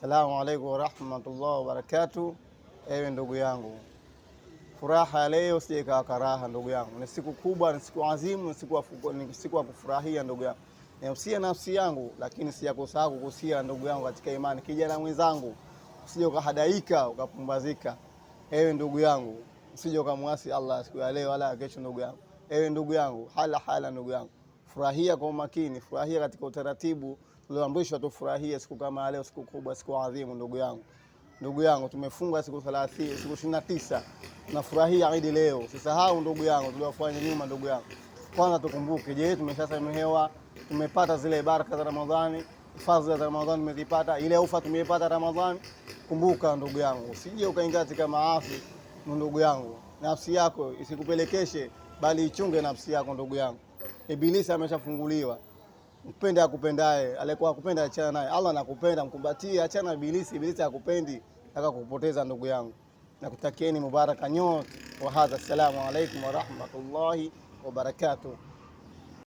Salamu alaikum warahmatullahi wabarakatu Ewe ndugu yangu, furaha ya leo sije ikawa karaha. Ndugu yangu, ni siku kubwa, ni siku azimu, ni siku ya kufurahia. Ndugu yangu, nausia nafsi yangu, lakini sijakusahau kukusia ndugu yangu katika imani. Kijana mwenzangu, usije ukahadaika ukapumbazika. Ewe ndugu yangu, usije ukamwasi Allah siku ya leo wala kesho. Ndugu yangu, ewe ndugu yangu, hala hala, ndugu yangu furahia kwa umakini, furahia katika utaratibu ulioamrishwa. Tufurahie siku kama leo, siku kubwa, siku adhimu. Ndugu yangu, ndugu yangu, tumefunga siku 30 siku 29, tunafurahia Idi leo. Usisahau ndugu yangu tuliofanya nyuma. Ndugu yangu, kwanza tukumbuke, je, tumeshasamehewa? Tumepata zile baraka za Ramadhani, fadhila za Ramadhani tumezipata? Ile ufa tumeipata Ramadhani? Kumbuka ndugu yangu, usije ukaingia katika maasi ndugu yangu, nafsi yako isikupelekeshe, bali ichunge nafsi yako ndugu yangu. Ibilisi ameshafunguliwa. Mpende akupendaye, alikuwa akupenda achana naye. Allah anakupenda, mkumbatie, achana na Ibilisi. Ibilisi akupendi nataka kukupoteza ndugu yangu. Nakutakieni mubaraka nyote wa hadha. Assalamu alaikum wa wabarakatuh.